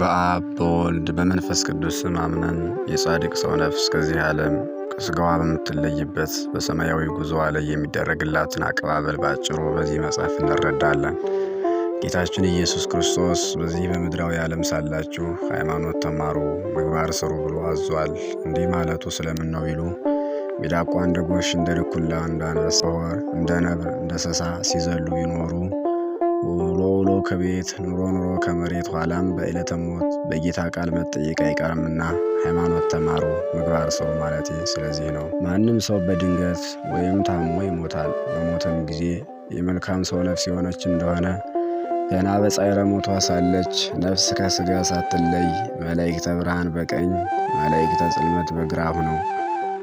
በአብ በወልድ በመንፈስ ቅዱስ ስም አምነን የጻድቅ ሰው ነፍስ ከዚህ ዓለም ከስጋዋ በምትለይበት በሰማያዊ ጉዞዋ ላይ የሚደረግላትን አቀባበል ባጭሩ በዚህ መጽሐፍ እንረዳለን። ጌታችን ኢየሱስ ክርስቶስ በዚህ በምድራዊ ዓለም ሳላችሁ ሃይማኖት ተማሩ፣ ምግባር ስሩ ብሎ አዟል። እንዲህ ማለቱ ስለምን ነው ቢሉ ሚዳቋ እንደ ጎሽ፣ እንደ ድኩላ፣ እንደ አንበሳ፣ እንደ ነብር፣ እንደ ሰሳ ሲዘሉ ይኖሩ። ውሎ ውሎ ከቤት ኑሮ ኑሮ ከመሬት ኋላም በዕለተ ሞት በጌታ ቃል መጠየቅ አይቀርምና ሃይማኖት ተማሩ ምግባር ሰው ማለት ስለዚህ ነው። ማንም ሰው በድንገት ወይም ታሞ ይሞታል። በሞተም ጊዜ የመልካም ሰው ነፍስ የሆነች እንደሆነ ገና በጻዕረ ሞቷ ሳለች ነፍስ ከስጋ ሳትለይ መላእክተ ብርሃን በቀኝ መላእክተ ጽልመት በግራ ሁነው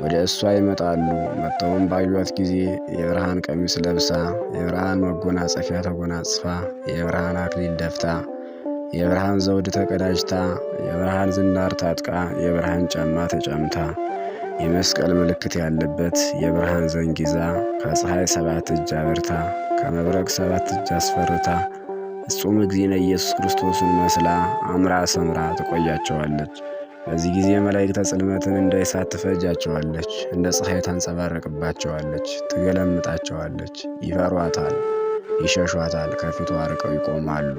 ወደ እሷ ይመጣሉ። መጥተውም ባዩት ጊዜ የብርሃን ቀሚስ ለብሳ፣ የብርሃን መጎናጸፊያ ተጎናጽፋ፣ የብርሃን አክሊል ደፍታ፣ የብርሃን ዘውድ ተቀዳጅታ፣ የብርሃን ዝናር ታጥቃ፣ የብርሃን ጫማ ተጫምታ የመስቀል ምልክት ያለበት የብርሃን ዘንግ ይዛ ከፀሐይ ሰባት እጅ አብርታ ከመብረቅ ሰባት እጅ አስፈርታ እጹም እግዚእነ ኢየሱስ ክርስቶስን መስላ አምራ ሰምራ ትቆያቸዋለች። በዚህ ጊዜ መላእክተ ጽልመትን እንደ እሳት ትፈጃቸዋለች፣ እንደ ፀሐይ ታንጸባረቅባቸዋለች፣ ትገለምጣቸዋለች። ይፈሯታል፣ ይሸሿታል፣ ከፊቱ አርቀው ይቆማሉ።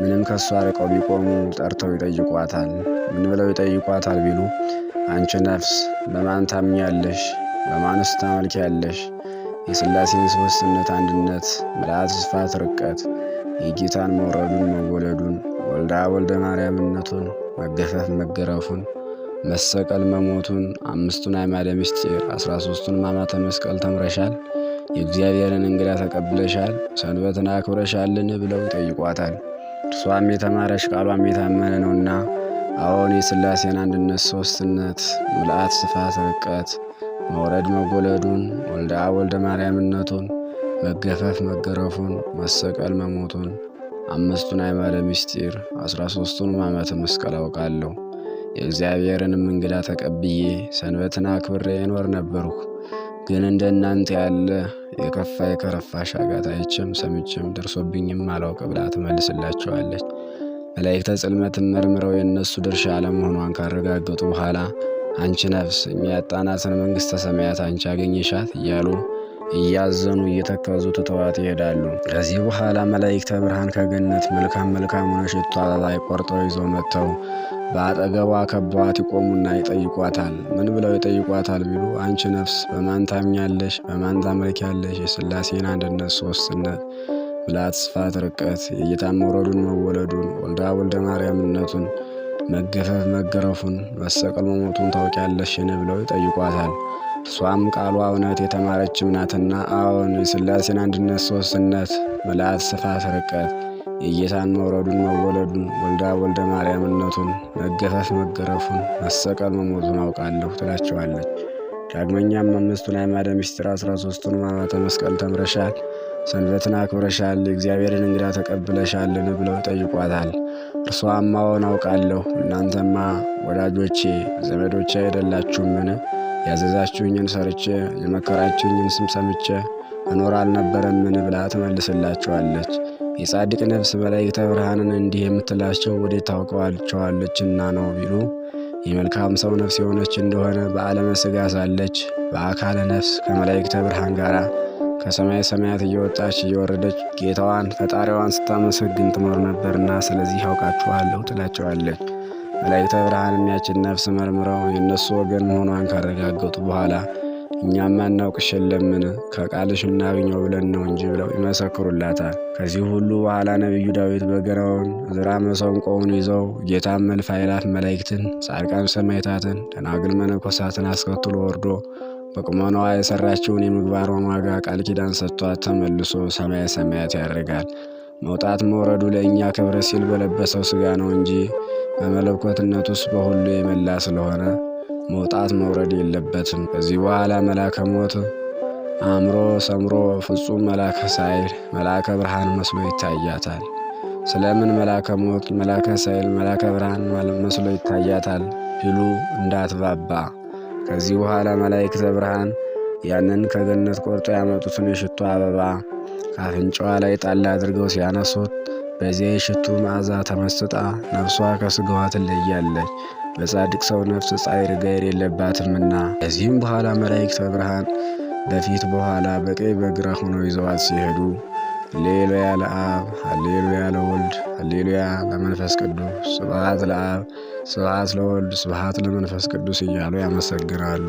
ምንም ከእሱ አርቀው ቢቆሙ ጠርተው ይጠይቋታል። ምን ብለው ይጠይቋታል ቢሉ አንቺ ነፍስ በማን ታምኛለሽ? በማንስ ታመልኪያለሽ? የሥላሴን ሦስትነት አንድነት፣ ምልአት፣ ስፋት፣ ርቀት፣ የጌታን መውረዱን መወለዱን፣ ወልዳ ወልደ ማርያምነቱን መገፈፍ መገረፉን መሰቀል መሞቱን አምስቱን አዕማደ ምስጢር አስራ ሶስቱን ማማተ መስቀል ተምረሻል፣ የእግዚአብሔርን እንግዳ ተቀብለሻል፣ ሰንበትን አክብረሻልን ብለው ይጠይቋታል። እርሷም የተማረች ቃሏም የታመነ ነውና አዎን የሥላሴን አንድነት ሶስትነት ምልአት ስፋት ርቀት መውረድ መጎለዱን ወልደ አብ ወልደ ማርያምነቱን መገፈፍ መገረፉን መሰቀል መሞቱን አምስቱን አይማደ ምስጢር አስራ ሶስቱን ሕማማተ መስቀል አውቃለሁ። የእግዚአብሔርንም እንግዳ ተቀብዬ ሰንበትን አክብሬ እኖር ነበርሁ። ግን እንደ እናንተ ያለ የከፋ የከረፋ ሻጋት አይቼም ሰምቼም ደርሶብኝም አላውቅ ብላ ትመልስላቸዋለች። መላእክተ ጽልመትን መርምረው የእነሱ ድርሻ አለመሆኗን ካረጋገጡ በኋላ አንቺ ነፍስ እኛ ያጣናትን መንግሥተ ሰማያት አንቺ አገኘሻት እያሉ እያዘኑ እየተከዙ ትተዋት ይሄዳሉ። ከዚህ በኋላ መላእክተ ብርሃን ከገነት መልካም መልካሙን ሽቷ ላይ ቆርጠው ይዘው መጥተው በአጠገቧ ከበዋት ይቆሙና ይጠይቋታል። ምን ብለው ይጠይቋታል ቢሉ አንቺ ነፍስ በማን ታምኛለሽ? በማን ታመልኪያለሽ? የስላሴን አንድነት ሶስትነት ብላት ስፋት፣ ርቀት የጌታ መውረዱን መወለዱን ወልዳ ወልደ ማርያምነቱን መገፈፍ መገረፉን መሰቀል መሞቱን ታውቂያለሽን? ብለው ይጠይቋታል። እሷም ቃሏ እውነት የተማረችም ናትና አዎን የሥላሴን አንድነት ሦስትነት መላእክት ስፋት ርቀት የጌታን መውረዱን መወለዱን ወልዳ ወልደ ማርያምነቱን መገፈፍ መገረፉን መሰቀል መሞቱን አውቃለሁ ትላቸዋለች። ዳግመኛም አምስቱን አዕማደ ምስጢር አስራ ሦስቱን ሕማማተ መስቀል ተምረሻል፣ ሰንበትን አክብረሻል፣ እግዚአብሔርን እንግዳ ተቀብለሻልን ብለው ጠይቋታል። እርሷ አማወን አውቃለሁ እናንተማ ወዳጆቼ ዘመዶቼ አይደላችሁምን? ያዘዛችሁኝን ሰርቼ የመከራችሁኝን ስም ሰምቼ እኖር አልነበረምን ብላ ትመልስላችኋለች። የጻድቅ ነፍስ መላእክተ ብርሃንን እንዲህ የምትላቸው ወዴት ታውቀዋቸዋለችና ነው ቢሉ የመልካም ሰው ነፍስ የሆነች እንደሆነ በዓለመ ሥጋ ሳለች በአካለ ነፍስ ከመላእክተ ብርሃን ጋር ከሰማይ ሰማያት እየወጣች እየወረደች ጌታዋን ፈጣሪዋን ስታመሰግን ትኖር ነበርና ስለዚህ አውቃችኋለሁ ትላቸዋለች። መላእክተ ብርሃንም ያችን ነፍስ መርምረው የእነሱ ወገን መሆኗን ካረጋገጡ በኋላ እኛም አናውቅሽን ለምን ከቃልሽ እናገኘው ብለን ነው እንጂ ብለው ይመሰክሩላታል። ከዚህ ሁሉ በኋላ ነቢዩ ዳዊት በገናውን፣ ዕዝራ መሰንቆውን ይዘው ጌታም እልፍ አእላፍ መላእክትን፣ ጻድቃን ሰማዕታትን፣ ደናግል መነኮሳትን አስከትሎ ወርዶ በቁመናዋ የሰራችውን የምግባሯን ዋጋ ቃል ኪዳን ሰጥቷት ተመልሶ ሰማየ ሰማያት ያደርጋል። መውጣት መውረዱ ለእኛ ክብረ ሲል በለበሰው ሥጋ ነው እንጂ ውስጥ በሁሉ የመላ ስለሆነ መውጣት መውረድ የለበትም። ከዚህ በኋላ መላከ ሞት አእምሮ ሰምሮ ፍጹም መላከ ሳይል መላከ ብርሃን መስሎ ይታያታል። ስለምን መላከ ሞት መላከ ሳይል መላከ ብርሃን መስሎ ይታያታል ሊሉ እንዳትባባ። ከዚህ በኋላ መላእክተ ብርሃን ያንን ከገነት ቆርጦ ያመጡትን የሽቶ አበባ ከአፍንጫዋ ላይ ጣል አድርገው ሲያነሱት በዚያ የሽቱ መዓዛ ተመስጣ ነፍሷ ከስጋዋ ትለያለች። በጻድቅ ሰው ነፍስ ጻይ ርግብ የለባትምና። ከዚህም በኋላ መላእክት ብርሃን በፊት በኋላ በቀኝ በግራ ሆነው ይዘዋት ሲሄዱ ሃሌሉያ ለአብ ሃሌሉያ ለወልድ ሃሌሉያ ለመንፈስ ቅዱስ ስብሐት ለአብ ስብሐት ለወልድ ስብሐት ለመንፈስ ቅዱስ እያሉ ያመሰግናሉ።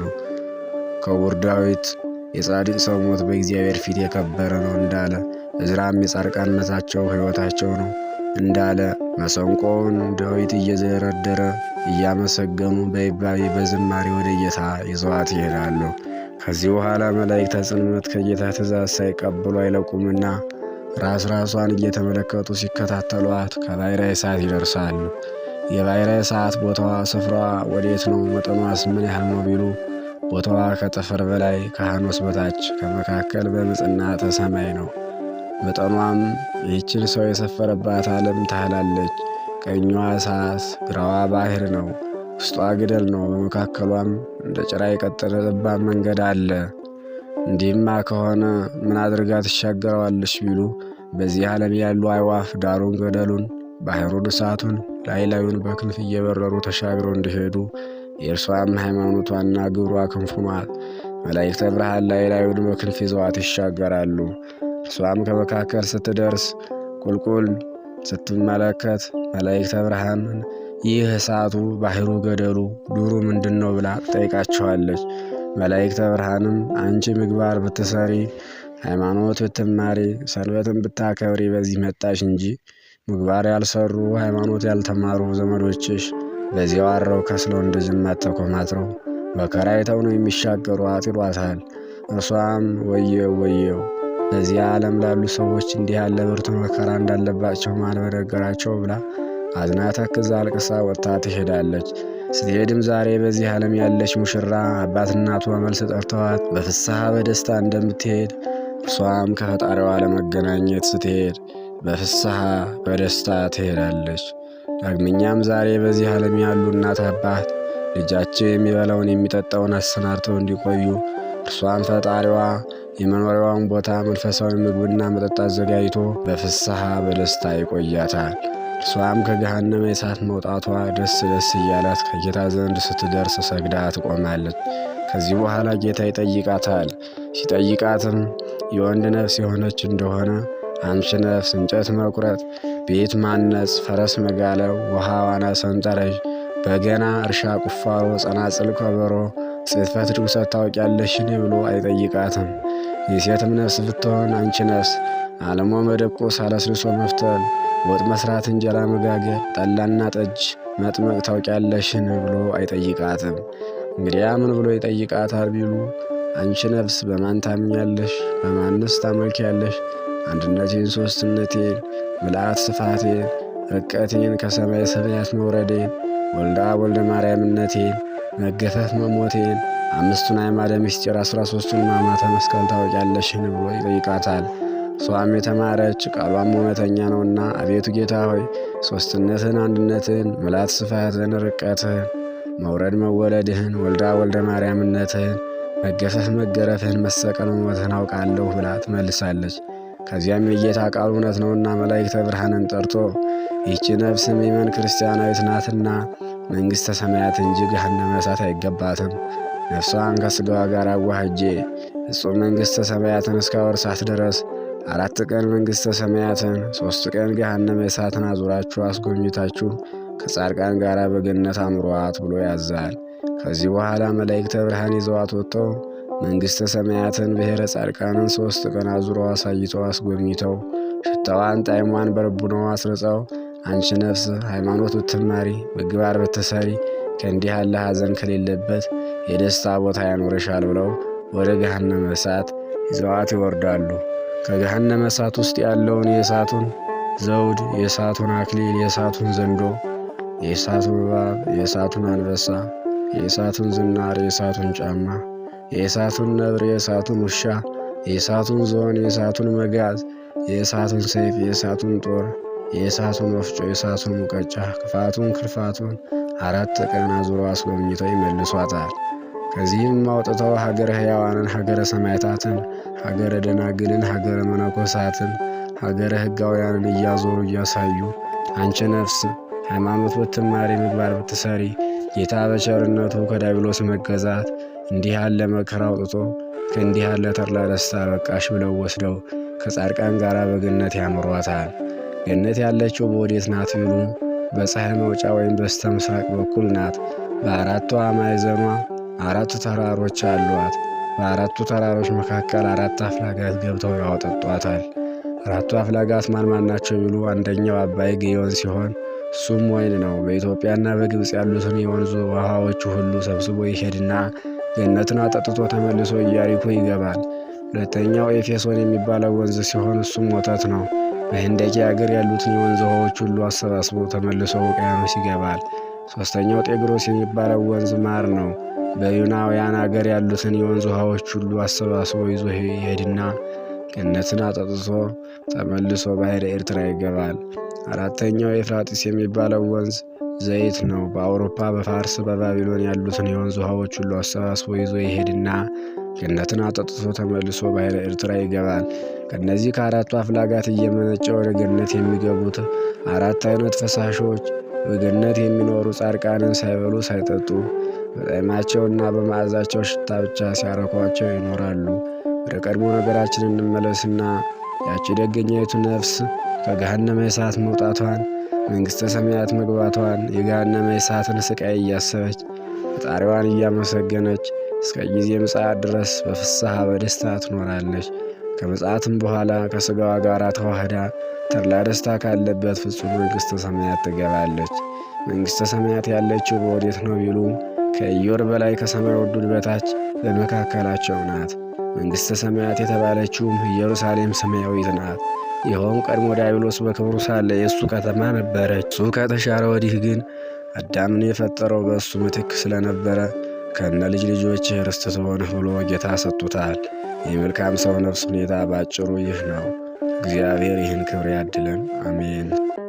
ክቡር ዳዊት የጻድቅ ሰው ሞት በእግዚአብሔር ፊት የከበረ ነው እንዳለ እዝራም የጻርቃንነታቸው ሕይወታቸው ነው እንዳለ መሰንቆውን ዳዊት እየደረደረ እያመሰገኑ በይባቤ በዝማሬ ወደ ጌታ ይዘዋት ይሄዳሉ። ከዚህ በኋላ መላእክተ ጽልመት ከጌታ ትእዛዝ ሳይቀበሉ አይለቁምና ራስ ራሷን እየተመለከቱ ሲከታተሏት ከባሕረ እሳት ይደርሳሉ። የባሕረ እሳት ቦታዋ ስፍራዋ ወዴት ነው? መጠኗስ ምን ያህል ነው ቢሉ ቦታዋ ከጠፈር በላይ ከሐኖስ በታች ከመካከል በምጽናተ ሰማይ ነው። መጠኗም ይህችን ሰው የሰፈረባት ዓለም ታህላለች። ቀኟ እሳት፣ ግራዋ ባህር ነው። ውስጧ ግደል ነው። በመካከሏም እንደ ጭራ የቀጠለ ጠባብ መንገድ አለ። እንዲህማ ከሆነ ምን አድርጋ ትሻገረዋለች ቢሉ በዚህ ዓለም ያሉ አይዋፍ ዳሩን ገደሉን፣ ባህሩን፣ እሳቱን ላይ ላዩን በክንፍ እየበረሩ ተሻግረው እንዲሄዱ የእርሷም ሃይማኖቷና ግብሯ ክንፉ ናት። መላእክተ ብርሃን ላይ ላዩን በክንፍ ይዘዋት ይሻገራሉ። እርሷም ከመካከል ስትደርስ ቁልቁል ስትመለከት መላእክተ ብርሃንን ይህ እሳቱ፣ ባህሩ፣ ገደሉ፣ ዱሩ ምንድን ነው ብላ ጠይቃቸዋለች። መላእክተ ብርሃንም አንቺ ምግባር ብትሰሪ፣ ሃይማኖት ብትማሪ፣ ሰንበትን ብታከብሪ በዚህ መጣሽ እንጂ ምግባር ያልሰሩ ሃይማኖት ያልተማሩ ዘመዶችሽ በዚያው አረው ከስለው እንደዝም ተኮማትረው መከራ አይተው ነው የሚሻገሩ አጢሯታል። እርሷም ወየው ወየው በዚያ ዓለም ላሉ ሰዎች እንዲህ ያለ ብርቱ መከራ እንዳለባቸው ማን በነገራቸው ብላ አዝና ተክዛ አልቅሳ ወጥታ ትሄዳለች። ስትሄድም ዛሬ በዚህ ዓለም ያለች ሙሽራ አባት እናቱ በመልስ ጠርተዋት በፍስሐ በደስታ እንደምትሄድ እርሷም ከፈጣሪዋ ለመገናኘት ስትሄድ በፍስሐ በደስታ ትሄዳለች። ዳግመኛም ዛሬ በዚህ ዓለም ያሉ እናት አባት ልጃቸው የሚበላውን የሚጠጣውን አሰናድተው እንዲቆዩ እርሷም ፈጣሪዋ የመኖሪያውን ቦታ መንፈሳዊ ምግብና መጠጥ አዘጋጅቶ በፍስሐ በደስታ ይቆያታል። እርሷም ከገሃነመ እሳት መውጣቷ ደስ ደስ እያላት ከጌታ ዘንድ ስትደርስ ሰግዳ ትቆማለች። ከዚህ በኋላ ጌታ ይጠይቃታል። ሲጠይቃትም የወንድ ነፍስ የሆነች እንደሆነ አንቺ ነፍስ እንጨት መቁረጥ፣ ቤት ማነጽ፣ ፈረስ መጋለብ፣ ውሃ ዋና፣ ሰንጠረዥ፣ በገና፣ እርሻ፣ ቁፋሮ፣ ጸናጽል፣ ከበሮ ጽሕፈት ርኩሰት ታውቂያለሽን ብሎ አይጠይቃትም። የሴትም ነፍስ ብትሆን አንቺ ነፍስ አለሞ መደቆስ፣ አለስልሶ መፍተል፣ ወጥ መስራት፣ እንጀራ መጋገር፣ ጠላና ጠጅ መጥመቅ ታውቂያለሽን ብሎ አይጠይቃትም። እንግዲያ ምን ብሎ ይጠይቃታል ቢሉ አንቺ ነፍስ በማን ታምኛለሽ? በማንስ ታመልኪያለሽ? አንድነቴን፣ ሶስትነቴን፣ ምልአት ስፋቴን፣ ርቀቴን፣ ከሰማይ ሰማያት መውረዴን፣ ወልዳ ወልደ ማርያምነቴን መገፈፍ መሞቴን አምስቱን አዕማደ ምስጢር አስራ ሶስቱን ሕማማተ መስቀል ታውቂያለሽን ብሎ ይጠይቃታል። እሷም የተማረች ቃሏም እውነተኛ ነውና አቤቱ ጌታ ሆይ ሶስትነትን፣ አንድነትን፣ ምላት፣ ስፋትን፣ ርቀትህን፣ መውረድ መወለድህን፣ ወልዳ ወልደ ማርያምነትህን፣ መገፈፍ መገረፍህን፣ መሰቀል መሞትህን አውቃለሁ ብላ ትመልሳለች። ከዚያም የጌታ ቃል እውነት ነውና መላእክተ ብርሃንን ጠርቶ ይቺ ነፍስ ምእመን ክርስቲያናዊት ናትና መንግሥተ ሰማያት እንጂ ገሃነመ እሳት አይገባትም፣ ነፍሷን ከሥጋዋ ጋር አዋህጄ ፍጹም መንግሥተ ሰማያትን እስካወርሳት ድረስ አራት ቀን መንግሥተ ሰማያትን ሦስት ቀን ገሃነመ እሳትን አዙራችሁ አስጎብኝታችሁ ከጻድቃን ጋር በገነት አምሯት ብሎ ያዛል። ከዚህ በኋላ መላእክተ ብርሃን ይዘዋት ወጥተው መንግሥተ ሰማያትን ብሔረ ጻድቃንን ሦስት ቀን አዙረው አሳይተው አስጎብኝተው ሽታዋን ጣዕሟን በልቡናዋ አስረጸው አንቺ ነፍስ ሃይማኖት ብትማሪ ምግባር ብትሰሪ ከእንዲህ ያለ ሐዘን ከሌለበት የደስታ ቦታ ያኖርሻል ብለው ወደ ገሃነመ እሳት ይዘዋት ይወርዳሉ። ከገሃነመ እሳት ውስጥ ያለውን የእሳቱን ዘውድ፣ የእሳቱን አክሊል፣ የእሳቱን ዘንዶ፣ የእሳቱን እባብ፣ የእሳቱን አንበሳ፣ የእሳቱን ዝናር፣ የእሳቱን ጫማ የእሳቱን ነብር፣ የእሳቱን ውሻ፣ የእሳቱን ዝሆን፣ የእሳቱን መጋዝ፣ የእሳቱን ሰይፍ፣ የእሳቱን ጦር፣ የእሳቱን ወፍጮ፣ የእሳቱን ሙቀጫ ክፋቱን ክርፋቱን አራት ቀን አዙሮ አስጎብኝተው ይመልሷታል። ከዚህም አውጥተው ሀገረ ሕያዋንን፣ ሀገረ ሰማይታትን፣ ሀገረ ደናግልን፣ ሀገረ መነኮሳትን፣ ሀገረ ሕጋውያንን እያዞሩ እያሳዩ አንቺ ነፍስ ሃይማኖት ብትማሪ ምግባር ብትሰሪ ጌታ በቸርነቱ ከዲያብሎስ መገዛት እንዲህ ያለ መከራ አውጥቶ ከእንዲህ ያለ ተድላ ደስታ በቃሽ ብለው ወስደው ከጻድቃን ጋር በገነት ያኖሯታል። ገነት ያለችው በወዴት ናት ቢሉ በፀሐይ መውጫ ወይም በስተ ምስራቅ በኩል ናት። በአራቱ ማዕዘኗ አራቱ ተራሮች አሏት። በአራቱ ተራሮች መካከል አራት አፍላጋት ገብተው ያወጠጧታል። አራቱ አፍላጋት ማን ማን ናቸው ቢሉ አንደኛው አባይ ግዮን ሲሆን እሱም ወይን ነው። በኢትዮጵያና በግብፅ ያሉትን የወንዙ ውሃዎች ሁሉ ሰብስቦ ይሄድና ገነትን አጠጥቶ ተመልሶ ኢያሪኮ ይገባል። ሁለተኛው ኤፌሶን የሚባለው ወንዝ ሲሆን እሱም ወተት ነው። በህንደቂ አገር ያሉትን የወንዝ ውሃዎች ሁሉ አሰባስቦ ተመልሶ ውቅያኖስ ይገባል። ሦስተኛው ጤግሮስ የሚባለው ወንዝ ማር ነው። በዩናውያን አገር ያሉትን የወንዝ ውሃዎች ሁሉ አሰባስቦ ይዞ ይሄድና ገነትን አጠጥቶ ተመልሶ ባሕረ ኤርትራ ይገባል። አራተኛው ኤፍራጢስ የሚባለው ወንዝ ዘይት ነው። በአውሮፓ በፋርስ በባቢሎን ያሉትን የወንዝ ውሃዎች ሁሉ አሰባስቦ ይዞ ይሄድና ገነትን አጠጥቶ ተመልሶ ባሕረ ኤርትራ ይገባል። ከእነዚህ ከአራቱ አፍላጋት እየመነጨ ወደ ገነት የሚገቡት አራት አይነት ፈሳሾች በገነት የሚኖሩ ጻድቃንን ሳይበሉ ሳይጠጡ በጣዕማቸውና በመዓዛቸው ሽታ ብቻ ሲያረኳቸው ይኖራሉ። ወደ ቀድሞ ነገራችን እንመለስና ያቺ ደገኛይቱ ነፍስ ከገሃነመ እሳት መውጣቷን መንግሥተ ሰማያት መግባቷን የገሃነመ እሳትን ስቃይ እያሰበች ፈጣሪዋን እያመሰገነች እስከ ጊዜ ምጽአት ድረስ በፍስሐ በደስታ ትኖራለች። ከምጽአትም በኋላ ከሥጋዋ ጋር ተዋህዳ ተድላ ደስታ ካለበት ፍጹም መንግሥተ ሰማያት ትገባለች። መንግሥተ ሰማያት ያለችው በወዴት ነው ቢሉ ከኢዮር በላይ ከሰማይ ወዱድ በታች በመካከላቸው ናት። መንግሥተ ሰማያት የተባለችውም ኢየሩሳሌም ሰማያዊት ናት። ይኸውም ቀድሞ ዲያብሎስ በክብሩ ሳለ የእሱ ከተማ ነበረች። እሱ ከተሻረ ወዲህ ግን አዳምን የፈጠረው በእሱ ምትክ ስለነበረ ከነ ልጅ ልጆች ርስት ትሆንህ ብሎ ጌታ ሰጡታል። የመልካም ሰው ነፍስ ሁኔታ ባጭሩ ይህ ነው። እግዚአብሔር ይህን ክብር ያድለን፣ አሜን።